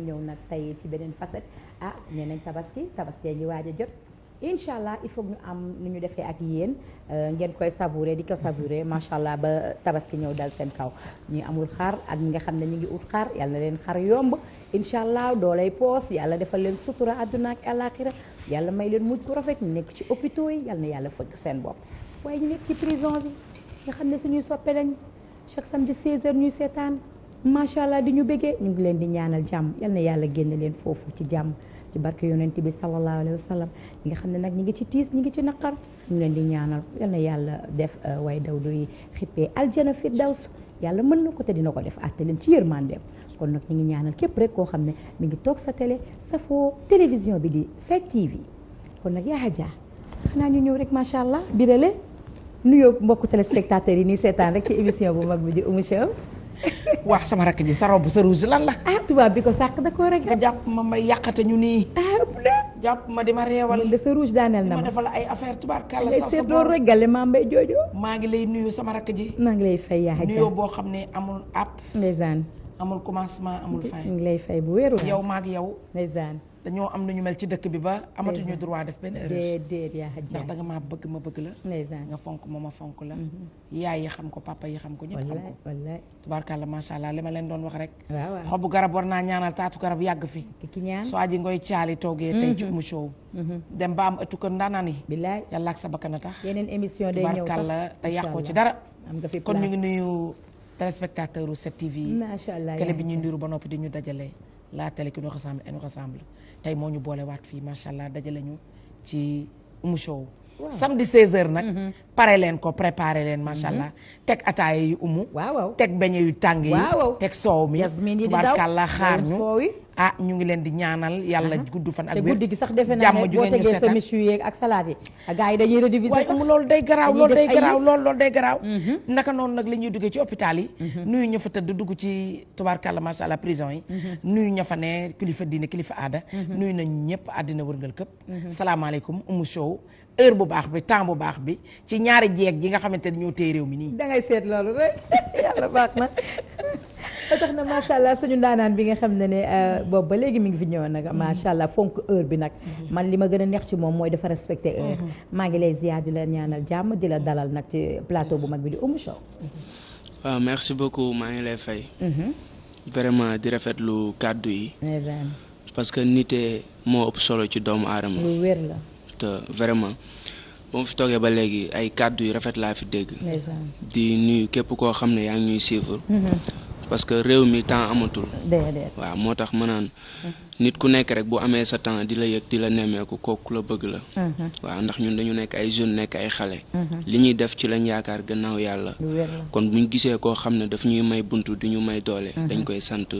ñëw nag tey ci beneen facette ah nee nañ tabaski tabaski ngi waaj a jot incha il faut ñu am nu ñu defee ak yéen euh, ngeen koy savourer di ko savourer macha allah ba tabaski ñëw dal seen kaw ñi amul xar ak ñi nga xam ne ñu ngi ut xar yàlla na leen xar yomb incha allah doolay poos yàlla defal leen sutura àdduna ak àllaaxira yal may leen mujj bu rafet ñu nekk ci hôpitaux yi yàlla na yàlla fëgg seen bopp waaye ñu nekk ci prison bi nga xam ne suñuy soppe lañ macha allah di ñu bëggee ñu ngi leen di ñaanal jàmm yal na yàlla génn leen foofu ci jàmm ci barke yoon bi sallallahu alayhi wa sallam ñi nga xam ne nag ñi ngi ci tiis ñi ngi ci naqar ñu leen di ñaanal yal na yàlla def uh, way daw doy xippee aljana fi daws yàlla mën na ko te dina ko def àtte leen ci yërmandeem kon nag ñu ngi ñaanal képp rek koo xam ne mi ngi toog sa télé safoo télévision bi di 7TV kon nag yaa Adja xanaa ñu ñëw rek macha allah birale nuyoo mbokku téléspectateurs yi nii seetaan rek ci émission bu mag bi di Oumou waaw sama rakk ji sa robe sa rouge lan la. ah tubaab bi ko sàq da koo rek. nga jàpp ma may yàqate ñu nii. ah jàpp ma di ma reewal. de sa rouge daaneel na ma defal ay affaire tubaab kàlla sax sa bopp regale maa mbay jooju. maa ngi lay nuyu sama rakk ji. maa ngi lay fay yaa nuyoo boo xam ne amul app. ndeysaan amul commencement amul fin. ngi lay fay bu wéeru yow maa ngi yow. ndeysaan dañoo am nañu mel ci dëkk bi ba amatuñu droit def benn erreur ndax da maa bëgg ma bëgg la nga fonk ma ma fonk la mhm. yaay yi xam ko papa yi xam ko ñëpp xam ko tubaarkàlla macha allah li ma leen doon wax rek xobu garab war naa ñaanal taatu garab yàgg fi soo aji ngoy caali toogee tey ci mhm. mu mhm. dem ba am ëttu kër ndaanaan yi yàlla ak sa tax yeneen émission day ñëw tubaarkàlla te yàqoo ci dara kon ñu ngi nuyu téléspectateur u 7TV yi télé bi ñuy ndiru ba noppi di ñu dajale la télé qui nous rassemble et tey moo ñu boolewaat fii macha allah dajale ñu ci Oumou Show. waaw samedi 16 nag. Mm-hmm. pare leen ko préparé leen macha mm-hmm. allah. teg ataaya yu umu. waaw waaw teg beñe yu tàng yi. teg soow mi. yasmin yi di xaar ñu. ah ñu ngi leen di ñaanal yàlla gudd fan ak wér te guddi gi sax defe naa ne boo tegee semis yu yeeg ak salade yi waaye amul loolu day garaaw loolu day garaaw loolu loolu day garaaw mhm. naka noonu nag la ñuy duggee ci hôpital yi mhm. nuyu ña fa tëdd dugg ci tubaarkàlla macha allah prison yi mhm. nuyu ña fa ne kilifa diine kilifa aada nuy nañ ñëpp àddina wërngal këpp salaamaaleykum umu show heure bu baax bi temps bu baax bi ci ñaari jeeg ji nga xamante ne ñoo téye réew mi nii. dangay ngay seet loolu rek yàlla baax na. ba tax na macha allah suñu ndaanaan bi nga xam ne ne euh, boobu ba léegi mi ngi fi ñëwoon nag macha allah fonk heure bi nag. Mhm. man li ma gën a neex ci moom mooy dafa respecté heure. Mhm. maa ngi lay ziar di la ñaanal jàmm di la dalal nag ci plateau bu mag bi di Oumou Sow. waaw mhm. euh, merci beaucoup maa ngi lay fay. vraiment di rafetlu kàddu yi. Eh parce que nit moo solo ci doomu aadama. lu la. te euh, vraiment ba mu fi toogee ba léegi ay kàddu yu rafet laa fi dégg. di nuyu képp koo xam ne yaa ngi ñuy suivre. Mm-hmm. parce réew mi temps amatul. waaw moo tax ma naan mm-hmm. nit ku nekk rek bu amee sa temps di la yëg di la nemmeeku kooku la bëgg la. Mm-hmm. waaw ndax ñun dañu nekk ay jeunes nekk ay xale. li ñuy def ci lañ yaakaar gannaaw yàlla. kon buñ gisee koo xam ne daf ñuy may buntu di ñu may doole. dañ koy sant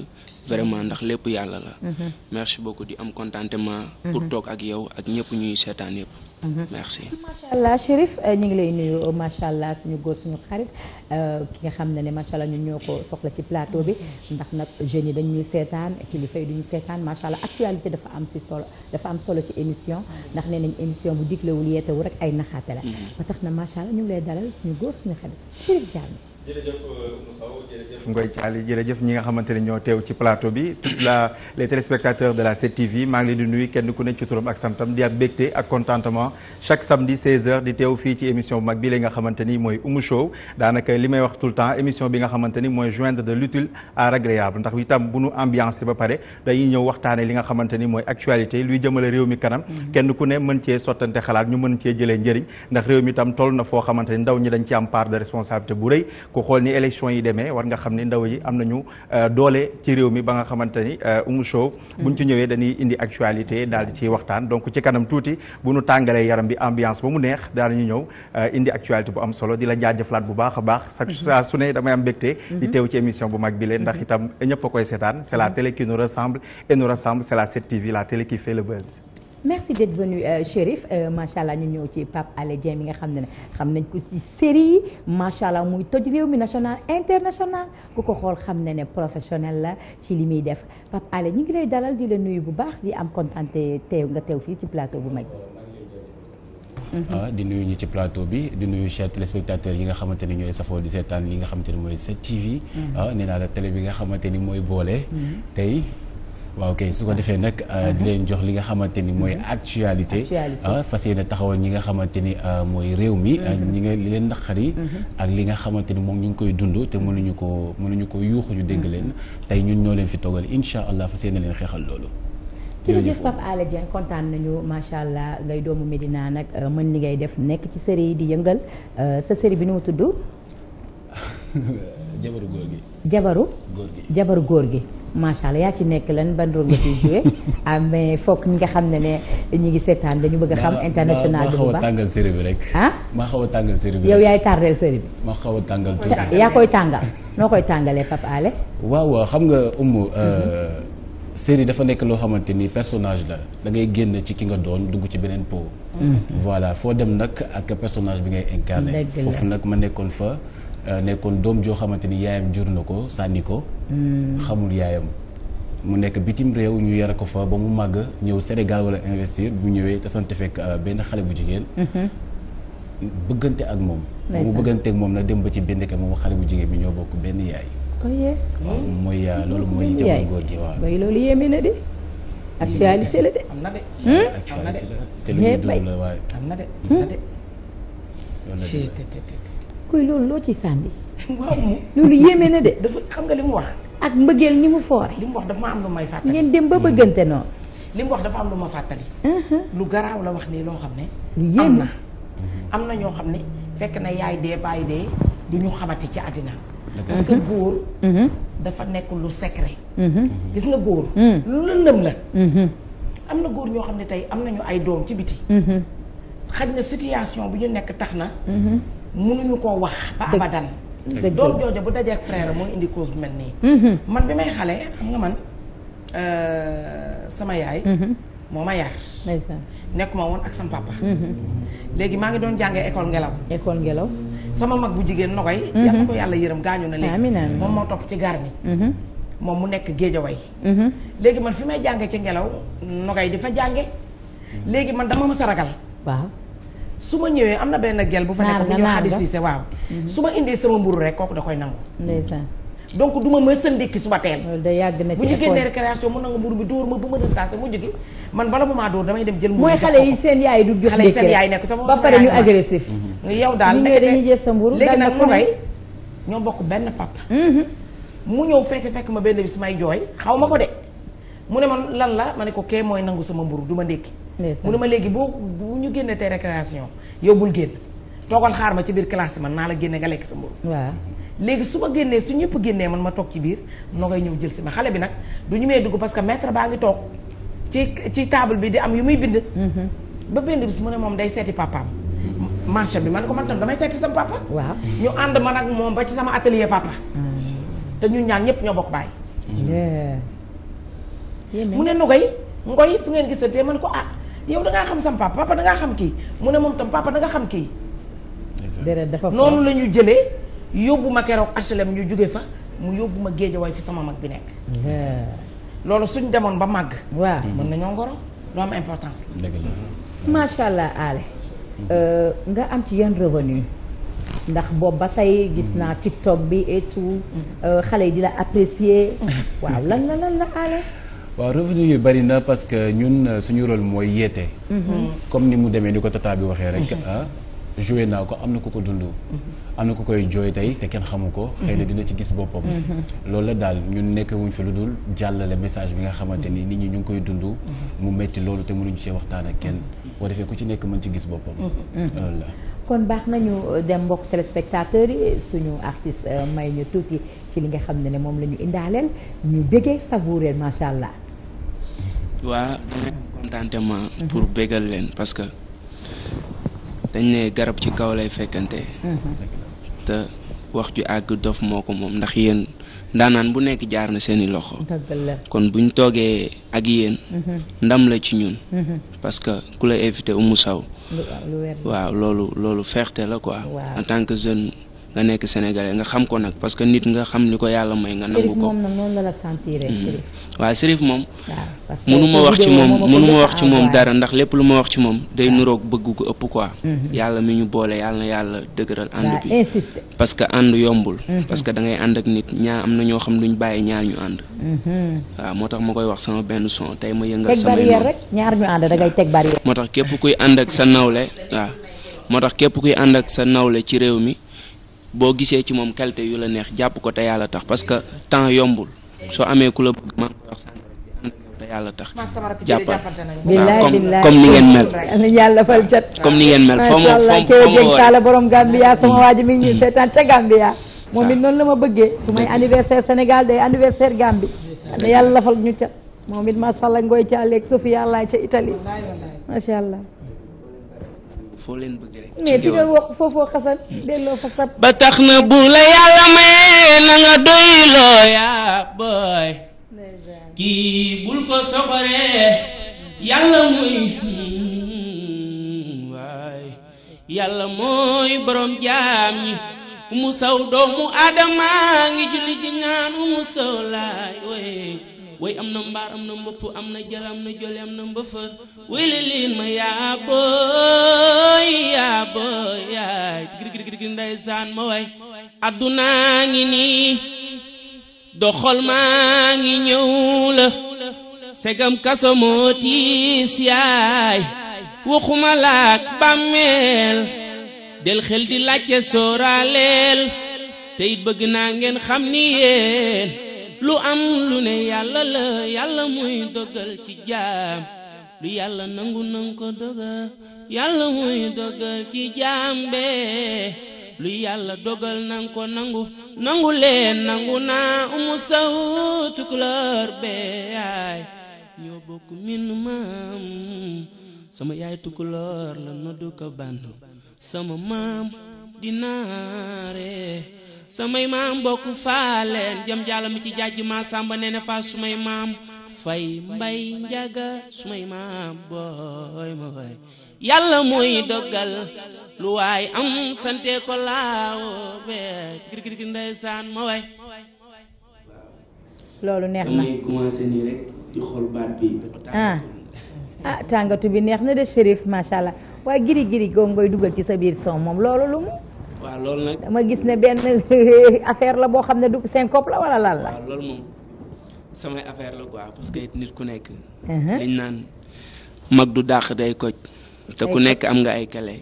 vraiment ndax lépp yàlla la. Mhm. merci beaucoup di am contentement. Mhm. pour toog ak yow ak ñëpp ñuy seetaan yëpp. Mhm. merci. macha allah Chérif euh, ñu ngi lay nuyu macha allah suñu góor suñu xarit euh, ki nga xam ne ne macha allah ñun ko soxla ci plateau bi ndax nag jeunes yi dañuy seetaan kilifa yi duñu seetaan macha allah actualité dafa am si solo dafa am solo ci émission ndax nee nañ émission bu diglewul yeetewu rek ay naxaate la. ba tax na macha allah ñu ngi lay dalal suñu góor suñu xarit Chérif Diallo. jërëjëf euh, Moussaw jërëjëf Ngoy Thiali jërëjëf ñi nga xamante ne ñoo teew ci plateau bi toute la les téléspectateurs de la 7TV maa ngi leen di nuyu kenn ku ne ci turam ak santam di ab bégte ak contentement chaque samedi 16h di teew fii ci émission bu mag bi la nga xamante ni mooy Oumou Show daanaka li may wax tout le temps émission bi nga xamante ni mooy joindre de l'utile à l'agréable ndax itam bu nu ambiance ba pare dañuy ñëw waxtaane li nga xamante ni mooy actualité luy jëmale réew mi kanam mhm. kenn ku ne mën cee sottante xalaat ñu mën cee jëlee njëriñ ndax réew mi tam toll na foo xamante ni ndaw ñi dañ ci am part de responsabilité bu ku xool ni élection yi demee war nga xam ni ndaw yi am nañu euh, doole ci réew mi ba nga xamante ni euh, Oumou Sow mm. buñ ci ñëwee dañuy indi actualité daal di ciy waxtaan donc ci kanam tuuti bu nu tàngalee yaram bi ambiance ba mu neex daal ñu ñëw euh, indi actualité bu am solo di la jaajëfalaat bu baax a baax mm-hmm. saa su ne damay am mbégte di mm-hmm. teew ci émission bu mag bi leen ndax mm-hmm. itam ñëpp a koy seetaan c'est la télé qui nous ressemble et nous c'est la 7TV la télé qui merci d'être venu euh, Chérif euh, macha allah ñu ñëw ci Pape Alé Dieng bi nga xam ne ne xam nañ ko ci série yi macha allah muy toj réew mi national ku ko xool xam ne ne professionnel la ci li muy def Pape Alé ñu ngi lay dalal di la nuyu bu baax di am kontaan te nga teew fii ci plateau bu mag mm-hmm. ah, di nuyu ci plateau bi di nuyu chers téléspectateurs yi nga xamante ni ñooy safoo di li nga xamante ni mooy 7TV. Mm-hmm. Ah, nee naa la télé bi nga xamante ni mooy boole. Mm-hmm. tey. waaw kay su ko defee nag euh, mhm. di leen jox li nga xamante ni mooy mhm. actualité ah, fas yéene taxawal ñi nga xamante ni euh, mooy réew mi mhm. euh, ñi nga li leen naqari ak li nga xamante ni moom ñu ngi koy dund te mënuñu ko mënuñu ko yuuxu ñu dégg leen tey ñun ñoo leen fi toggal incha allah fas yéene leen xeexal loolu jërëjëf Pape kontaan nañu macha allah ngay doomu Medina nag mën li ngay def nekk ci série yi di yëngal sa série bi nu mu tudd góor jabaru góor gi jabaru góor gi macha allah yaa ci nekk lan ban rôle nga ciy joué ah mais foog ñi nga xam ne ne ñi ngi seetaan dañu bëgg a xam. international bi bu xaw a tàngal série bi rek. ah maa xaw a tàngal série bi yow yaay tardeel série bi. xaw a tàngal tuuti yaa koy tàngal noo koy tàngalee Pape Alé. waaw xam nga Oumou. Euh, mm-hmm. série dafa nekk loo xamante ni personnage la da ngay génn ci ki nga doon dugg ci beneen po. Mm-hmm. voilà foo dem nag ak personnage bi ngay incarné. foofu nag ma nekkoon fa. Euh, nekkoon doom joo xamante ni yaayam jur na ko sànni ko. Hmm. xamul yaayam. mu nekk bitim réew ñu yara ko fa ba mu màgg ñëw Sénégal wala investir bu ñëwee te sante euh, benn xale bu jigéen. Mm-hmm. bëggante ak moom. mu bëggante ak moom na dem ba ci benn kër moom xale bu jigéen bi ñoo bokk benn yaay. waaw mooy euh, loolu mooy. jamono góor gi waaw hmm? ñu dund la waaye. kuy loolu loo ci sànni. waaw loolu yéeme na de. dafa xam nga li mu wax. ak mbëggeel ni mu foore. li mu wax dafa ma am lu may fàttali. ngeen dem ba hmm. bëggante noonu. li mu wax dafa am lu ma fàttali. Uh-huh. lu garaaw la wax nii loo xam ne. lu yéeme na am na ñoo xam ne fekk na yaay dee bàyyi dee du ñu xamati ci àddina. parce que uh-huh. góor. Uh-huh. dafa nekk lu secret. gis nga góor. Hmm. lu lëndëm la. am na góor ñoo xam ne tey am nañu ay doom ci biti. xaj na situation bu ñu nekk tax na. mënuñu koo wax ba abadan doom joojo bu dajee ak frère mooy indi cause mel nii mm-hmm. man bi may xale xam nga man euh, sama yaay mm-hmm. moo ma yar nekkuma woon ak sama papa mm-hmm. léegi maa ngi doon jàngee école ngelaw école ngelaw sama mag bu jigéen nogoy yal na ko yàlla yërëm gaañu na léegi moom moo topp ci gar mi moom mu nekk géejaway léegi man fi may jàngee ci ngelaw nogoy di fa jànge léegi man dama mës a ragal waaw su ma ñëwee am na benn gel bu fa nekk bu ñëw xaddi siise waaw mhm. su ma indee sama mburu rek kooku da koy nangu ndeysaan donc du ma mës a ndékki suba teel na ci génnee récréation mu nangu mburu bi dóor ma ba mën a taase mu jógi man bala mu maa dóor damay dem jël mburu mooy xale yi seen yaay du jox xale yi seen yaay nekk te ba pare ñu agressif mhm. yow daal dañuy jël mburu léegi nag mu ñoo bokk benn papa mhm. mu ñëw fekk fekk ma benn bis may jooy xaw ma ko de mu ne man lan la ma ne ko kee mooy nangu sama mburu du ma ndékki mu ne ma léegi boo bu ñu génnee te récréation yow génn toogal xaar ma ci biir classe man naa la génne nga lekk sa mburu waaw léegi su ma génnee su ñëpp génnee man ma toog ci biir nogay ñëw jël si ma xale bi nag du ñu may dugg parce que maître baa ngi toog ci ci table bi di am yu muy bind mm-hmm. ba bi bis mu ne moom day seeti papaam marché bi ma ne ko man tam damay seeti sama papa waa ñu ànd ma nag moom ba ci sama atelier papa mm. te ñu ñaan ñëpp ñoo bokk bàyyi mu ne nogay ngoy fu ngeen gisantee man ko ah yow da ngaa xam sam papa papa da ngaa xam kii mu ne moom tam papa da nga xam kii. dafa noonu lañu ñu jëlee yóbbu ma keroog HLM ñu jóge fa mu yóbbu ma géejawaay fi sama mag bi nekk. loolu suñ demoon ba màgg. waa mën nañoo ngoro lu am importance la. macha allah Ale. Euh, nga am ci yenn revenu. ndax boobu ba tey gis naa TikTok bi et tout. Mm-hmm. Euh, xale yi di la apprécier. Mm-hmm. waaw lan la lan la Ale. waaw revenu yi bari na parce que ñun euh, suñu rôle mooy yeete. Mhm. comme ni mu demee ni ko tata bi waxee rek. Mhm. Ah, joué naa ko am na ku ko dund. Mhm. am na ku koy jooy tey te kenn xamu ko. xëy dina ci gis boppam. loolu la daal ñun nekk wuñ fi lu dul jàllale message bi nga xamante ni nit ñi ñu ngi koy dund. mu metti loolu te mënuñu cee waxtaan ak kenn. boo defee ku ci nekk mën ci gis boppam. loolu la. kon baax nañu dem mbokk téléspectateurs yi suñu artiste euh, may ñu tuuti ci li nga xam ne ne moom la ñu indaaleel ñu bëggee savourer macha allah. waa mu contentement mhm. pour bégal leen parce que dañ ne garab ci kaw lay fekkante mhm. te wax ju àgg dof moo ko moom ndax yéen ndaanaan bu nekk jaar na seeni loxo kon buñ toogee ak yéen mhm. ndam la ci ñun parce ku la invité umu saw waaw loolu loolu la quoi en tant que jeune nga nekk sénégalais nga xam ko nag parce que nit nga xam li ko yàlla may nga nangu ko mhm. waaw Chérif moom mënuma wax ci moom mënuma wax ci moom dara ndax lépp lu ma wax ci moom day nuroog bëgg ko ëpp quoi mhm. yàlla mi ñu boole yàlla na yàlla dëgëral ànd bi parce que ànd yombul mhm. parce que da ngay ànd ak nit ñaa am na ñoo xam duñ bàyyi ñaar ñu ànd waaw moo tax ma koy wax sama benn son tey ma yëngal samay noonu moo tax képp kuy ànd ak sa nawle waaw moo tax képp kuy ànd ak sa nawle ci réew mi boo gisee ci moom qualité yu la neex jàpp ko te yàlla tax parce que temps yombul soo amee ku la bëgg maa ngi sànq rek di ànd ak yow te yàlla tax. jàppal waaw comme comme ni ngeen mel. yàlla fal jot. comme ni ngeen mel. foo ma foo borom Gambia mm. sama waa ji mi ngi mm. seetaan ca Gambia. Mm. moom it ah. noonu la ma bëggee. su may anniversaire Sénégal day Gambie. na yàlla lafal ñu ca moom it macha allah ngooy ca Alex Sofia yàlla ca Italie macha allah. foo leen bëgg rek. delloo fa sab ba tax na bu la yàlla mayee na nga doy kii bul ko soxoree yàlla muy hmm, yàlla mooy borom jaam ñi. umu saw doomu Adama ngi julli ji ñaan umu saw laay way am na mbaar am na mbëpp am na jal am na jole am na mbëfër wéli ma yaa booy yaa booy yaay gir gir ma way addunaa ngi nii doxal maa ngi ñëw la segam kaso moo tiis yaay waxuma laak bàmmeel del xel di laajte sooraaleel te it bëgg naa ngeen xam ni yéen lu am lu ne yàlla la yàlla muy dogal ci jaam lu yàlla nangu nang ko dogal yàlla muy dogal ci jaam be lu yàlla dogal nang ko nangu nangu leen nangu naa umu saw tukulóor be yaay ñoo bokk min maam sama yaay tukulóor la noddu ko bandu sama maam di samay maam bokk faaleen jëm jàll mi ci jàjj ma sàmba nee na faa sumay maam fay mbay njaga sumay maam booy ma way yàlla mooy dogal lu waay am sante ko laawo be gir ndeysaan ma way loolu neex na bi ah, ah tàngatu bi neex na de Chérif macha allah waaye giri giri googu dugal ci sa biir son moom loolu lu mu waaw loolu nag dama gis ne benn affaire la boo xam ne du seen syncope la wala lan la. loolu moom samay affaire la quoi parce que nit ku nekk. Uh-huh. liñ naan mag du dàq day koj. te ku nekk am nga ay kale.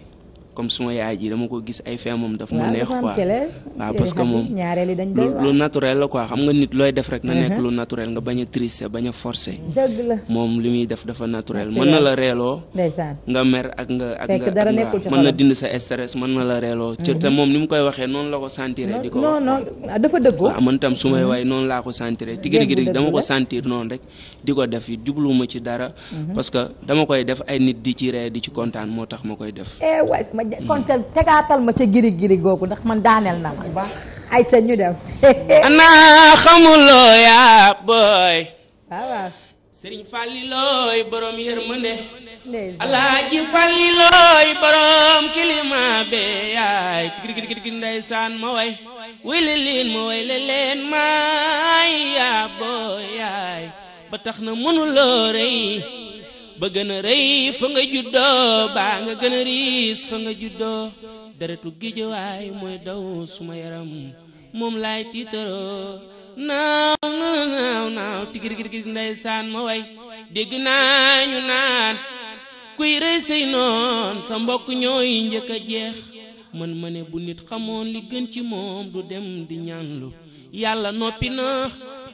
comme suma yaay ji dama ko gis ay fee moom daf ma neex quoi waaw moom lu naturel la quoi xam nga nit looy def rek na nekk mhm. lu naturel nga bañ a trister bañ a forcer moom li muy def dafa naturel mën na la reeloo nga mer ak nga ak nga mën na dindi sa stress mën na la reeloo ci mhm. te moom ni mu koy waxee noonu la ko sentiré di ko wax waaw man tam su may mhm. waay noonu laa ko sentiré tigirigiri dama ko sentir noonu rek di ko def yi jubluwuma ci dara parce que dama koy def ay nit di ci ree moo tax ma koy def eh, kon tegaatal ma ca giri giri googu ndax man daaneel na ma ay ca ñu dem anaa xamuloo yaa booy waaw sëriñ fàllilooy borom yërmande alaaji fàllilooy borom kilima be yaay gir gir ma way wili ma way leleen maay yaa yaay ba tax na mënuloo rëy ba gën a rëy fa nga juddoo baa nga gën a riis fa nga juddoo deretu géejawaay mooy daw suma yaram moom laay tiitaroo naaw naaw naaw tigir gir ndeysaan ma way dégg naa ñu naan kuy rëy say noon sa mbokk ñooy njëkk a jeex mën ma ne bu nit xamoon li gën ci moom du dem di ñaanlu yàlla noppi na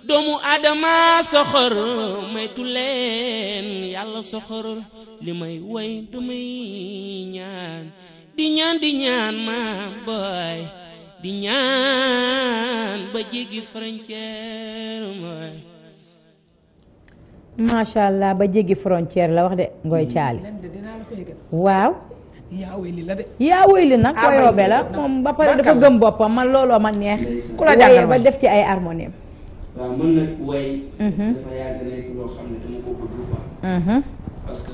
doomu Adama soxor maytu leen yàlla soxor li may woy damay ñaan di ñaan di ñaan maam booy di ñaan ba jéggi frontière mooy. macha allah ba jéggi frontière la wax de ngoy caali. Hmm. waaw. yaa woy li la de. yaa woy li nag ah, koyoobe la moom ba pare dafa gëm boppam man looloo ma neex. ku la ba def ci ay harmonie waaw mën nag way mhm. dafa yàgg nekk mhm. que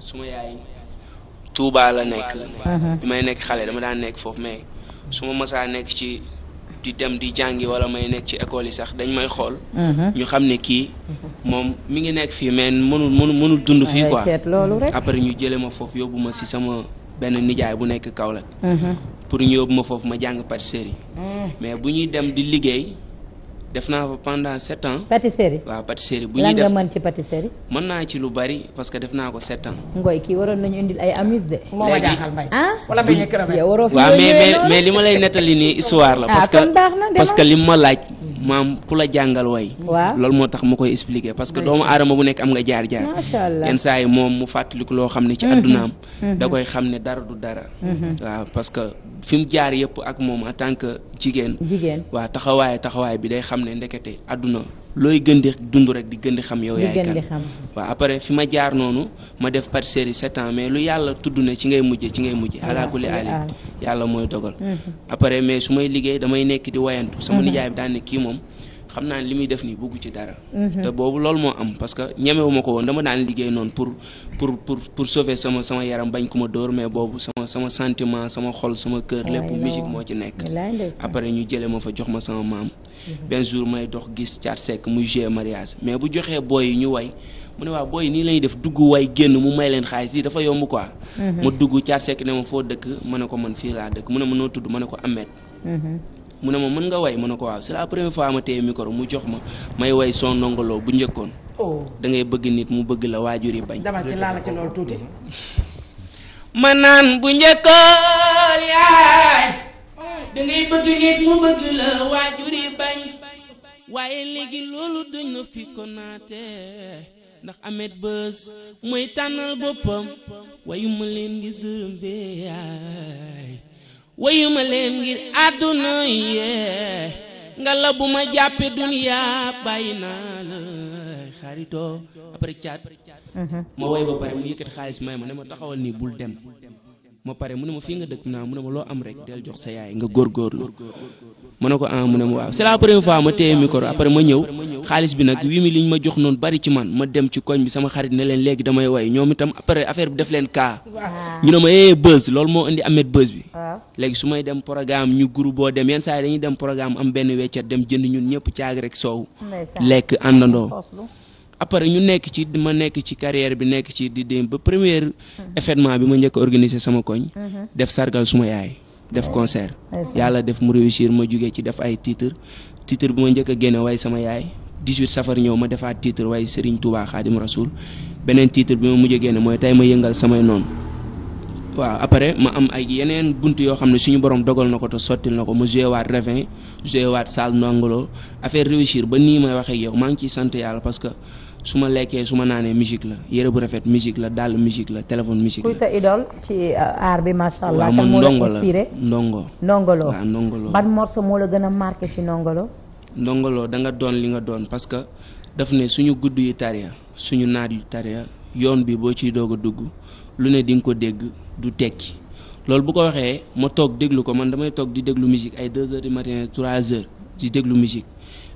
suma yaay Touba la nekk mhm. bi may nekk xale dama daan nekk foofu mais su ma mësaa nekk ci di dem di jàngi wala may nekk ci école yi sax dañ may xool ñu xam ne kii moom mi ngi nekk fii mais mënul mënul mënul dund fii quoi après ñu jële ma foofu yóbbu ma si sama benn nijaay bu nekk Kaolack pour ñu yóbbu ma foofu ma jàng pâtisserie mais bu ñuy dem di liggéey def naa ko pendant sept ans. pâtisserie waaw pâtisserie bu ñuy def lan ci pâtisserie. mën naa ci lu bari parce que def naa ko sept ans. ngoy kii waroon nañu indil ay amuse de. moo ah? a crevette. yow mais mais li ma lay nettali nii histoire la. Ah, parce que parce que li ma laaj. maam ku la jàngal way waaw loolu moo tax ma koy expliquer parce que doomu aadama bu nekk am nga jaar jaar macha allah yenn saa yi moom mu fàttaliku loo xam ne ci mhm. addunaam mhm. da koy xam ne dara du dara mhm. waaw parce que fi jaar yëpp ak moom en tant que jigéen waa taxawaay taxawaay bi day xam ne ndekete adduna looy gën di dund rek di gën di xam yow yaay kan waaw après fi ma jaar noonu ma def par série sept mais lu yàlla tudd ne ci ngay mujje ci ngay mujje alaakuli ali yàlla mooy dogal mm-hmm. après mais su may liggéey damay nekk di wayantu sama mm-hmm. nijaay bi daan ne kii moom xam naa ne li muy def nii bëggu ci dara. Mhm. te boobu loolu moo am parce que ñemewu ko woon dama daan liggéey noonu pour pour pour pour sauver sama sama yaram bañ ko ma dóor mais boobu sama sama sentiment sama xol sama kër lépp musique moo ci nekk. après ñu jëlee ma fa jox ma sama maam. Mhm. benn jour may dox gis caat sekk muy jouer mariage mais bu joxee booy yi ñu way. mu ne waaw booy nii lañuy def dugg way génn mu may leen xaalis yi dafa yomb quoi. Mhm. ma dugg caat sekk ne ma foo dëkk ma ko man fii dëkk mu ne ma tudd ma ko Ahmed. mu ne ma mën nga way ma ne ko waaw c'est la première fois ma téye micro mu jox ma may way soo ndongoloo bu njëkkoon. Oh. da ngay bëgg nit mu bëgg la waajur yi bañ. damal ci laala loolu tuuti. ma naan waaye léegi loolu dañ na fi ko naatee ndax amet bës mooy tànnal boppam wayu ma leen ngi dërëm bee yaay wayuma leen ngir àdduna yee nga la bu ma jàppe duniya bàyyi naa la xaritoo après caat mhm. ma woy ba pare mu yëkkati xaalis may ma ne ma taxawal nii bul dem ma pare mu ne ma fii nga dëkk naa mu ne ma loo am rek del jox sa yaay nga góorgóorlu ma ne ko ah mu ne ma waaw c'est la première fois ma téye micro après ma ñëw xaalis bi nag wii mi liñ ma jox noonu bari ci man ma dem ci koñ bi sama xarit ne leen léegi damay way ñoom itam après affaire bi def leen kaa ñu ne ma yee eh, buzz loolu moo indi amet buzz bi léegi su may dem programme ñu groupe boo dem yenn saa yi dañuy dem programme am benn weccet dem jënd ñun ñëpp caag rek soow lekk àndandoo après ñu nekk ci ma nekk ci carrière bi nekk ci di dem ba première hmm. événement bi ma njëkk organiser sama koñ hmm. def sargal suma yaay def concert yàlla def mu réussir ma jugee ci def ay titre titre bi ma njëkk a génne sama yaay 18 safar ñëw ma defaat titre waaye Serigne Touba Xaadim Rasoul beneen titre bi ma mujj génne mooy tey ma yëngal samay noonu waaw après ma am ay yeneen bunt yoo xam ne suñu borom dogal na ko te sottil na ko ma joué waat Ravin joué waat Saal Ndongolo affaire réussir ba nii may wax ak yow maa ngi ciy sant yàlla parce que su ma lekkee su ma naanee musique la yére bu rafet musique la dal musique la téléphone musique la. kuy sa idole ci euh, aar bi macha allah. waaw moom ndongo la ndongo. moo la ndongoloo da nga doon li nga doon parce que daf ne suñu gudd yu tariya suñu naat yu tariya yoon bi boo ciy doog a dugg lu ne di nga ko dégg du tekki loolu bu ko waxee ma toog déglu ko man damay toog di déglu musique ay deux heures du matin trois heures di déglu musique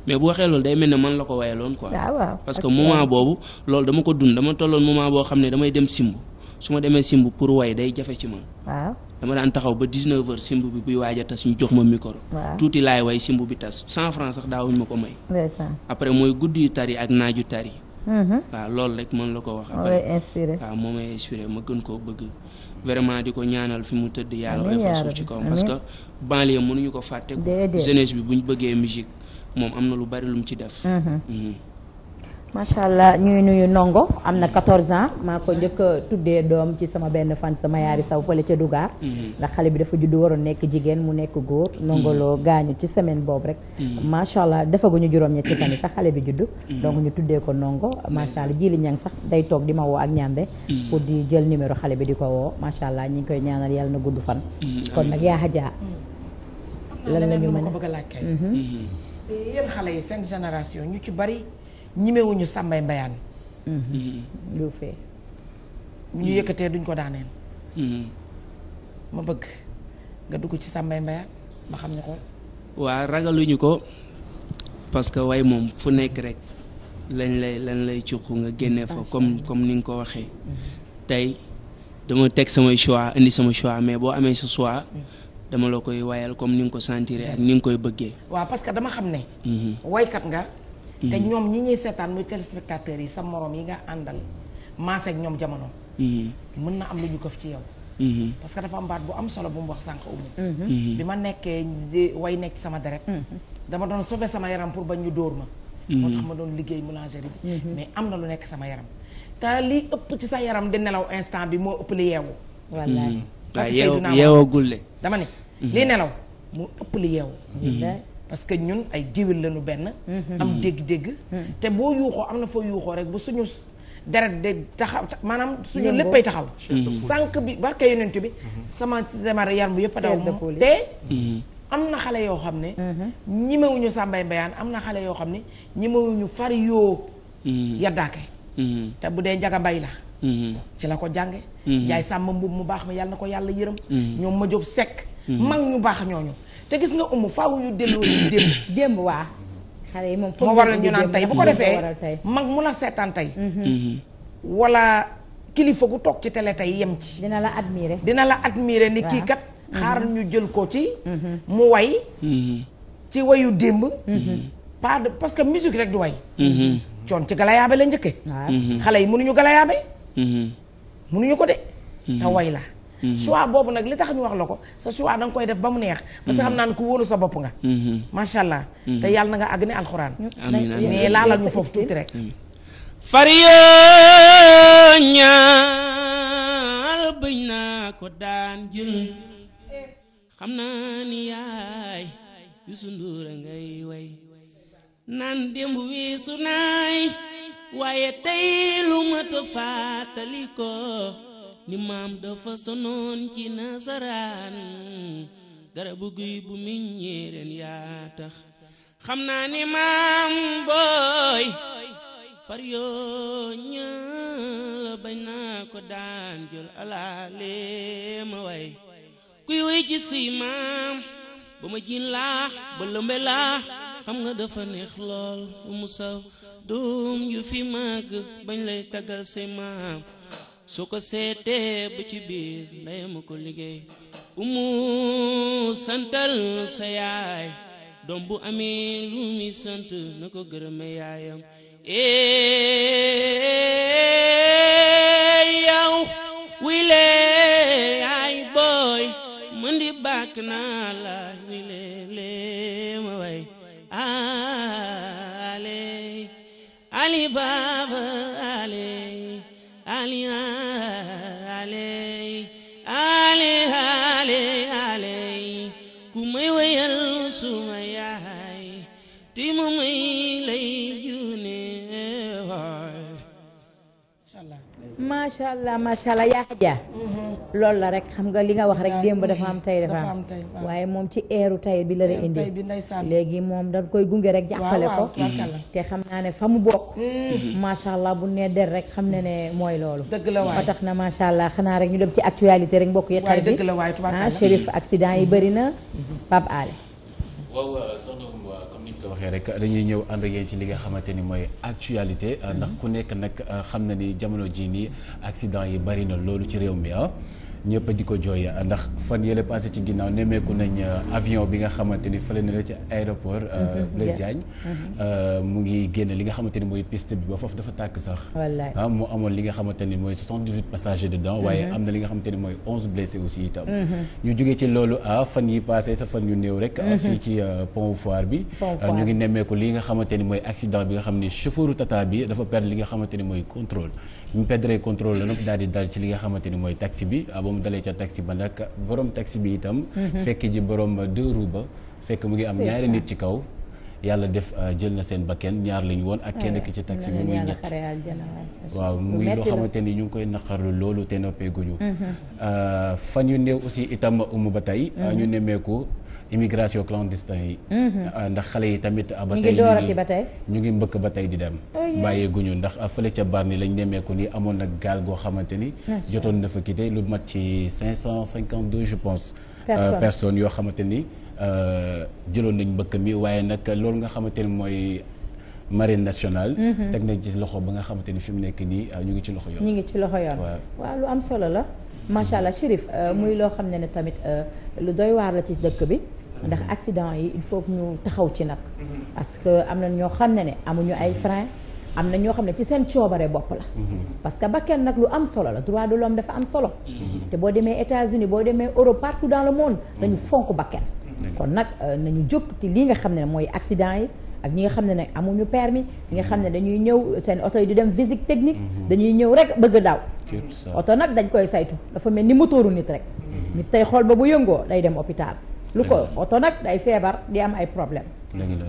mais bu waxee loolu day mel ne man la ko wayaloon quoi. Ah, parce que moment boobu loolu dama ko dund dama tolloon moment boo xam ne damay dem simb su ma demee simb pour way day jafe ci man. Ah. dama daan taxaw ba 19 heures simb bi buy waaj a tas ñu jox ma micro. tuuti laay way simb bi tas 100 francs sax daawuñ ma ko may. après mooy guddi yu tari ak naaju tari. Mhm. waaw loolu rek mën la ko wax. waaw moo may inspiré ma gën koo bëgg. vraiment di ko ñaanal fi mu tëdd yàlla way fa suuf ci kawam parce que banlieue mënuñu ko fàtte. jeunesse bi buñ bëggee musique moom am na lu bari lu mu ci def. Mhm. Mhm. macha allah ñuy nuyu Ndongo am na 14 ans maa ko njëkk tuddee doom ci sama benn fan sama yaari saw fële ca Dugar. Mhm. ndax xale bi dafa juddu waroon nekk jigéen mu nekk góor. Mhm. nongo loo gaañu ci semaine boobu rek. Mhm. macha allah defaguñu juróom-ñetti fan sax xale bi judd. donc ñu tuddee ko Ndongo macha allah jili ñang sax day toog di ma woo ak ñaambe. pour di jël numéro xale bi di ko woo macha allah ñu ngi koy ñaanal yal na gudd fan. kon nag yaa xajaa. la ñu mën génération ñu ci ñimewuñu sàmbay mbayaan mm-hmm. lu fee ñu yëkkatee duñ ko daaneel mm-hmm. ma bëgg nga dugg ci sàmbay mbayaan ba xam ñu ko waa ragaluñu ko parce que way moom fu nekk rek lañ lay lañ lay cuq nga génne fa comme comme ni nga ko waxee mm-hmm. tey dama teg samay choix indi sama choix mais boo amee su choix dama la koy wayal comme ni nga ko sentir ak ni nga koy bëggee waaw parce dama xam ne waykat nga te ñoom ñi ñuy seetaan muy téléspectateurs yi sa morom yi nga àndal maase ak ñoom jamono. mën na am lu ñu këf ci yow. parce que dafa am baat bu am solo bu mu wax sànq umu mhm. bi ma nekkee way nekk sama deret mhm. dama doon sauver sama yaram pour bañ ñu dóor ma. moo tax ma doon liggéey ménagerie bi. Mhm. mais am na lu nekk sama yaram. te lii ëpp ci sa yaram di nelaw instant bi moo ëpp lu yeewu. wallaay waaw yeewoo yeewoo gulle dama ne. li nelaw mu ëpp lu yeewu. parce que ñun ay géwél lañu benn. Mhm. am dégg-dégg. Mhm. te boo yuuxoo am na foo yuuxoo rek bu suñu deret de taxaw maanaam suñu léppay taxaw. sànq bi barke yonent bi. Mhm. sama sama yaram yëpp a daw moom te. am na xale yoo xam ne. ñimewuñu sàmbay mbayaan am na xale yoo xam ne ñimewuñu far yoo. yaddaake. te bu dee njagambay la. Mm-hmm. ci la ko jànge jaay mm-hmm. sàmm mbubb mu baax ma yàlla na ko yàlla yërëm mm-hmm. ñoom ma jóob sekk mag ñu baax ñooñu te gis nga umu faw ñu delloo si démb waa xale yi moom moo ñu naan tey bu ko defee mag mu la tey wala kilifa gu toog ci télé tey yem ci dina la admirer dina la admirer ni kii kat xaar ñu jël ko ci mu way ci wayu démb pas parce que musique rek du way coon ci galayaabe la njëkke xale yi mënuñu galayaabe mënuñu mm-hmm. ko de mm-hmm. te way la mm-hmm. boobu nag li tax ñu wax la ko sa choix da nga koy def ba mu neex parce que xam naa ku wóolu sa bopp nga macha allah te yàlla na nga àgg ne alxuraan mais laalal ñu foofu tuuti rek fariya ñaal bëñ naa ko daan jël xam naa ni yaay Youssou Ndour a ngay way naan démb wi waaye tey lu mat a fàttali ko ni maam dafa sonoon ci nasaraan garabu guy bu meññee yaa tax xam naa ni maam booy far yoo ñaala bañ naa ko daan jël alaale ma way kuy way ci si maam ba ma jiin laax ba lëmbe laax xam nga dafa neex lool umu saw doom yu fi màgg bañ lay taggal say maam soo ko seetee ba ci biir ndeyama ko liggéey umu santal sa yaay doom bu amee lu muy sant na ko gërëme yaayam eey yaw wile yaay booy mën di bàkk naa la wile leema ale ali baba ale ali ale ale macha allah macha allah yaa ja loolu la rek xam nga li nga wax rek démb dafa am tey dafa am waaye moom ci eeru tey bi la la indi léegi moom dañ koy gunge rek jàppale ko mm-hmm. te xam naa ne fa mu bokk mm-hmm. mm-hmm. macha allah bu ne der rek xam ne ne mooy loolu ba tax na macha allah xanaa rek ñu dem ci actualité rek mbokk yettal bi ah Chérif accident yi bëri na Pape ko rek dañuy ñëw ànd ak ci li nga xamante ni mooy actualité. ndax ku nekk nag xam na ni jamono jii nii accident yi bari na loolu ci réew mi ah. ñëpp di ko jooy ndax fan yële passé ci ginnaaw nemmeeku nañ euh, avion bi nga xamante ni fële na ci aéroport euh, mm-hmm. Blaise Diagne mm-hmm. euh, mu ngi génn li nga xamante ni mooy piste bi ba foofu dafa tàkk sax ah ni mooy soixante-dix-huit passagers dedans waaye mm-hmm. am na li nga xamante mooy onze blessés aussi itam ñu jógee ci loolu ah, fan yi passé sa fan yu néew rek ah, fii ci pont bi ñu ngi nemmeeku li nga xamante ni mooy accident bi nga xam ne chauffeuru tata bi dafa perdre li nga xamante ni mooy contrôle bu mu perdre contrôle la nag daal di dal ci li nga xamante ni mooy taxi bi ah, ba mu dalee ca taxi ba nag borom taxi bi itam mhm. fekk ji boroom deux roues ba fekk mu ngi am ñaari nit ci kaw yàlla def euh, jël na seen bakken ñaar lañu woon ak kenn ki ci taxi bi muy ñett waaw muy loo xamante ni ñu ngi koy naqarlu loolu te noppeeguñu mhm. euh, fan yu néew aussi itam umu ba tey euh, ñu mhm. nemmeeku immigration clandestine yi mhm. ndax xale yi tamit ba tey ñu ngi mbëkk ba tey di dem oh, bàyyeeguñu ndax fële ca Barni lañ nemmeeku nii amoon na gaal goo xamante ni jotoon na fa quitté lu mat ci cinq cent cinquante deux je pense personnes yoo xamante ni Euh, jëloon nañ mbëkk mi waaye nag loolu nga xamante ni mooy marine nationale. Mhm. teg nañ ci loxo ba nga xamante ni fi nekk nii euh, ñu ngi ci loxo yoon. ñu ngi ci loxo yoon waaw lu am solo la. macha allah Chérif euh, muy loo xam ne ne tamit lu doy waar la ci dëkk bi. ndax accident yi il faut que ñu taxaw ci nag. parce que am na ñoo xam ne ne amuñu ay frein am na ñoo xam ne ci seen coobare bopp la. Mhm. parce que bakkan nag lu am solo la droit de l'homme dafa am solo. Mhm. te boo demee États-Unis boo demee Europe partout dans le monde. dañu fonk bakkan. kon nag euh, nañu jóg ci li nga xam ne mooy accident yi ak ñi nga xam ne nag amuñu permis ñi nga xam ne dañuy ñëw seen oto yi di dem visite technique mhm. dañuy ñëw rek bëgg daaw oto nag dañ koy saytu dafa mel ni motooru nit rek mhm. nit tey xool ba bu yëngoo day dem hôpital lu ko oto nag day feebar di am ay problème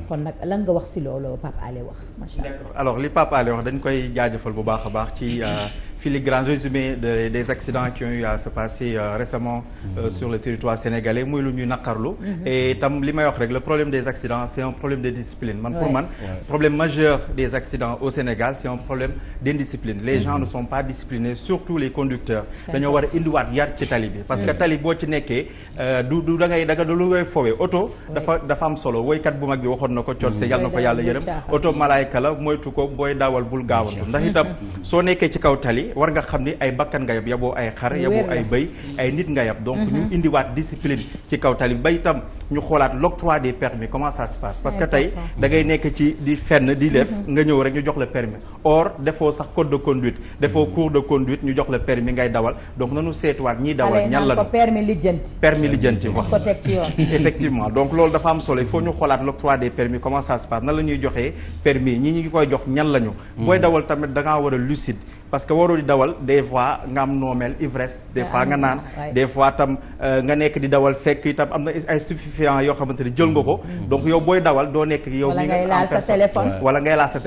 kon nag lan nga wax si loolu Pape Alé wax macha allah alors li Pape wax dañ koy jaajëfal bu baax a baax ci euh, filigrane résumé de, des accidents qui ont eu à se passer euh, récemment euh, mhm. sur le territoire sénégalais muy lu ñuy naqarlu mhm. et tam li may wax rek le problème des accidents c'est un problème de discipline man pour man problème majeur des accidents au Sénégal c'est un problème d'indiscipline les gens mhm. ne sont pas disciplinés surtout les conducteurs dañoo war a indiwaat yar ci tali bi parce que tali boo ci nekkee euh, du du da ngay da du lu ngay foowee oto dafa dafa am solo woykat bu mag bi waxoon na ko coot se na ko yàlla yërëm oto malaayka la moytu ko booy daawal bul gaawantu ndax kaw tali war nga xam ni ay bakkan nga yab yaboo ay xar yaboo ay bëy ay nit nga yab donc ñu mhm. indiwaat discipline ci kaw tali ba itam ñu xoolaat l'octroi des permis comment ça se passe parce que tey dangay nekk ci di fenn di def mhm. nga ñëw rek ñu jox la permis or defoo sax code de conduite defoo mhm. cours de conduite ñu jox la permis ngay dawal donc nanu seetuwaat ñiy dawal ñan la ko permis lijjanti permis wax effectivement donc loolu dafa am solo il faut ñu xoolaat l'octroi des permis comment ça se passe nan ñuy joxee permis ñi ngi koy jox ñan lañu booy dawal tamit da ngaa war a lucide parce que waroo di dawal des fois nga am noomeel ivresse des fois nga naan des fois tam euh, nga nekk di dawal fekk itam am na ay stupéfiants yoo xamante ni jël nga ko mm-hmm. donc yow booy dawal doo nekk yow mi nga laal sa téléphone wala ngay laal sa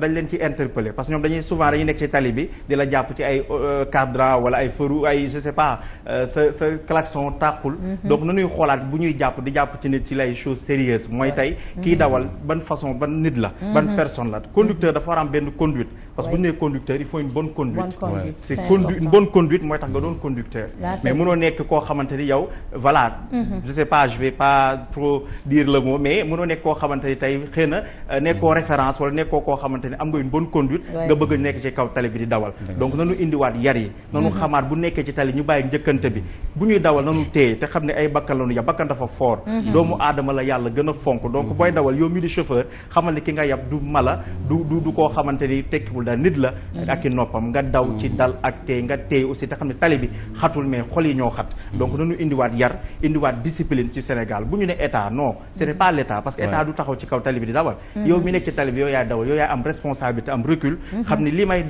a leen ci interpeller parce que ñoom dañuy souvent dañuy nekk di la jàpp ci ay euh, cadran wala ay fëru ay pas euh, sa sa klaxon tàqul mm-hmm. donc nu ñuy xoolaat bu ñuy jàpp di jàpp ci nit ci lay chose sérieuse mooy tey kii mm-hmm. dawal ban façon ban nit la ban personne la conducteur dafa war am benn conduite parce que bu ñu nee conducteur il faut une mooy tax nga doon conducteur. mais mënoo nekk koo xamante ni yow voilà. Mm-hmm. je sais pas pas trop dire le mot mais mënoo nekk koo xamante tey xëy na euh, nekkoo référence wala nekkoo koo xamante ni am nga une bonne conduite. nga bëgg a nekk ci kaw tali bi di dawal. donc nanu indiwaat yar yi. nanu mm-hmm. xamaat bu nekkee ci tali ñu bàyyi njëkkante bi bu ñuy dawal nanu téye te xam ne ay bakkan la ñu bakkan dafa fort. Mm-hmm. doomu aadama la yàlla gën a fonk donc booy dawal yow ki nga yab du la nit la mm. ak i noppam nga daw ci mm. dal ak tey nga tey aussi te xam ne tali bi xatul mais xol yi ñoo xat mm. donc nañu indiwaat yar indiwaat discipline ci Sénégal bu ñu ne état non ce n'est pas l'état parce que état du taxaw ci kaw tali bi di dawal ni mm-hmm. li may